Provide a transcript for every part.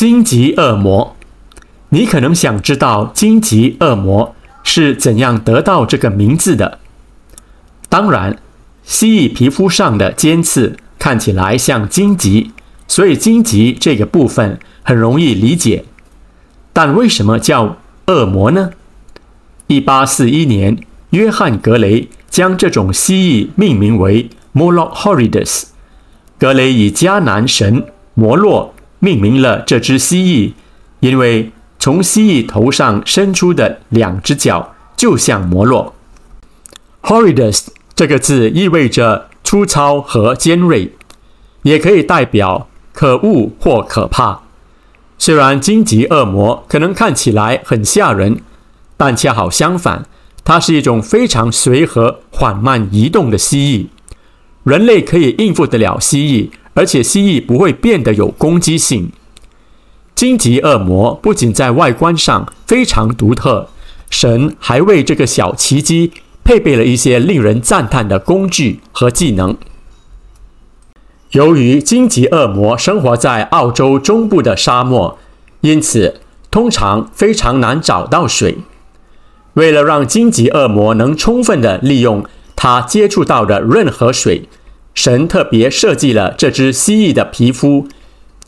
荊棘惡魔，你可能想知道荊棘惡魔是怎樣得到這個名字的。當然，蜥蜴皮膚上的尖刺看起來像荊棘，所以“荊棘”這個部分很容易理解。但為什麼叫惡魔呢？1841年，約翰·格雷將這種蜥蜴命名為 Moloch horridus。格雷以迦南神摩洛。命名了這隻蜥蜴，因為從蜥蜴頭上伸出的兩隻腳就像摩洛。Horridus 這個字意味着粗糙和尖銳，也可以代表可惡或可怕。雖然荊棘惡魔可能看起來很嚇人，但恰好相反，它是一種非常隨和、緩慢移動的蜥蜴。人類可以應付得了蜥蜴。而且蜥蜴不會變得有攻擊性。荊棘惡魔不僅在外觀上非常獨特，神還為這個小奇蹟配備了一些令人讚嘆的工具和技能。由於荊棘惡魔生活在澳洲中部的沙漠，因此通常非常難找到水。為了讓荊棘惡魔能充分地利用它接觸到的任何水，神特別設計了這隻蜥蜴的皮膚，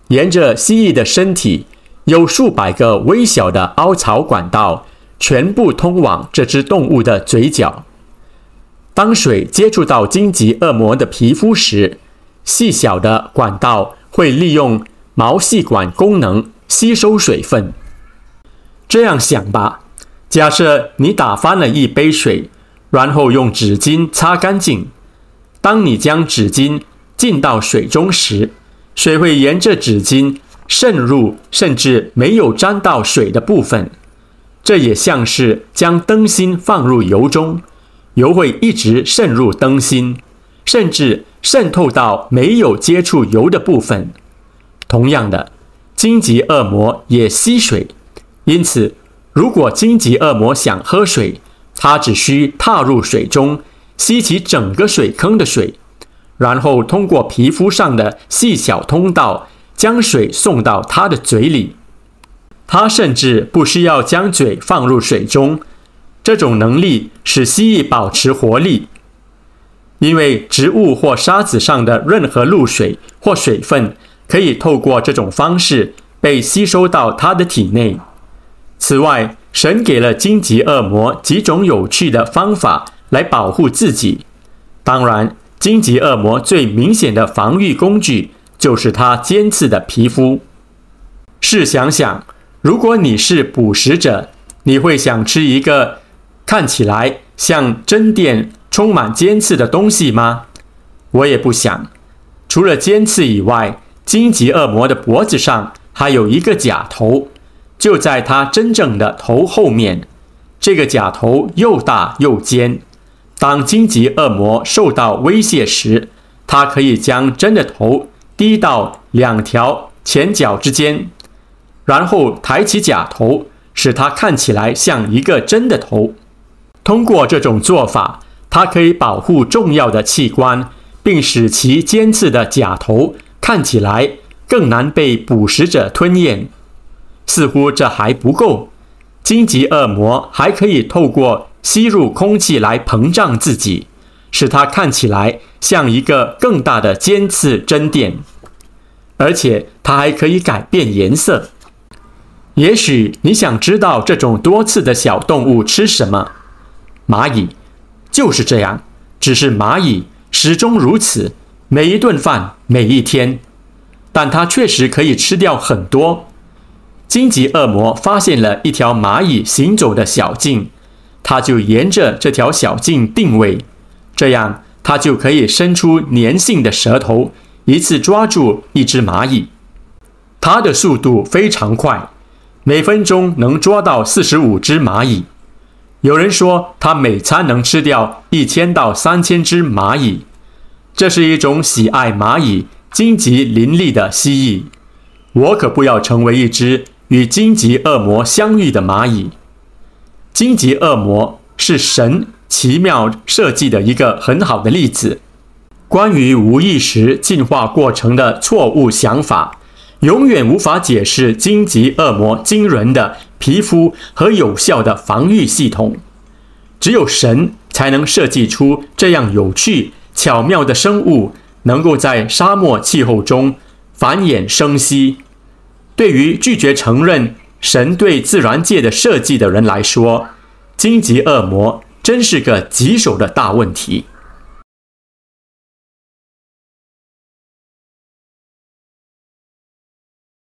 沿着蜥蜴的身體有數百個微小的凹槽管道，全部通往這隻動物的嘴角。當水接觸到荊棘惡魔的皮膚時，細小的管道會利用毛細管功能吸收水分。這樣想吧，假設你打翻了一杯水，然後用紙巾擦乾淨。當你將紙巾浸到水中時，水會沿着紙巾滲入，甚至沒有沾到水的部分。這也像是將燈芯放入油中，油會一直滲入燈芯，甚至滲透到沒有接觸油的部分。同樣的，荊棘惡魔也吸水，因此，如果荊棘惡魔想喝水，它只需踏入水中。吸起整個水坑的水，然後通過皮膚上的細小通道將水送到它的嘴裡。它甚至不需要將嘴放入水中。這種能力使蜥蜴保持活力，因為植物或沙子上的任何露水或水分可以透過這種方式被吸收到它的體內。此外，神給了荊棘惡魔幾種有趣的方法。來保護自己。當然，荊棘惡魔最明顯的防禦工具就是它尖刺的皮膚。試想想，如果你是捕食者，你會想吃一個看起來像針墊、充滿尖刺的東西嗎？我也不想。除了尖刺以外，荊棘惡魔的脖子上還有一個假頭，就在它真正的頭後面。這個假頭又大又尖。當荊棘惡魔受到威脅時，它可以將真的頭低到兩條前腳之間，然後抬起假頭，使它看起來像一個真的頭。通過這種做法，它可以保護重要的器官，並使其尖刺的假頭看起來更難被捕食者吞咽。似乎這還不夠。荊棘惡魔還可以透過吸入空氣來膨脹自己，使它看起來像一個更大的尖刺針墊，而且它還可以改變顏色。也許你想知道這種多刺的小動物吃什麼？螞蟻就是這樣，只是螞蟻始終如此，每一頓飯，每一天，但它確實可以吃掉很多。荊棘惡魔發現了一條螞蟻行走的小徑，它就沿着這條小徑定位，這樣它就可以伸出粘性的舌頭，一次抓住一隻螞蟻。它的速度非常快，每分鐘能抓到45隻螞蟻。有人說它每餐能吃掉1000到3000隻螞蟻。這是一種喜愛螞蟻、荊棘林立的蜥蜴。我可不要成為一隻。與荊棘惡魔相遇的螞蟻，荊棘惡魔是神奇妙設計的一個很好的例子。關於無意識進化過程的錯誤想法，永遠無法解釋荊棘惡魔驚人的皮膚和有效的防禦系統。只有神才能設計出這樣有趣、巧妙的生物，能夠在沙漠氣候中繁衍生息。對於拒絕承認神對自然界的設計的人來說，荊棘惡魔真是個棘手的大問題。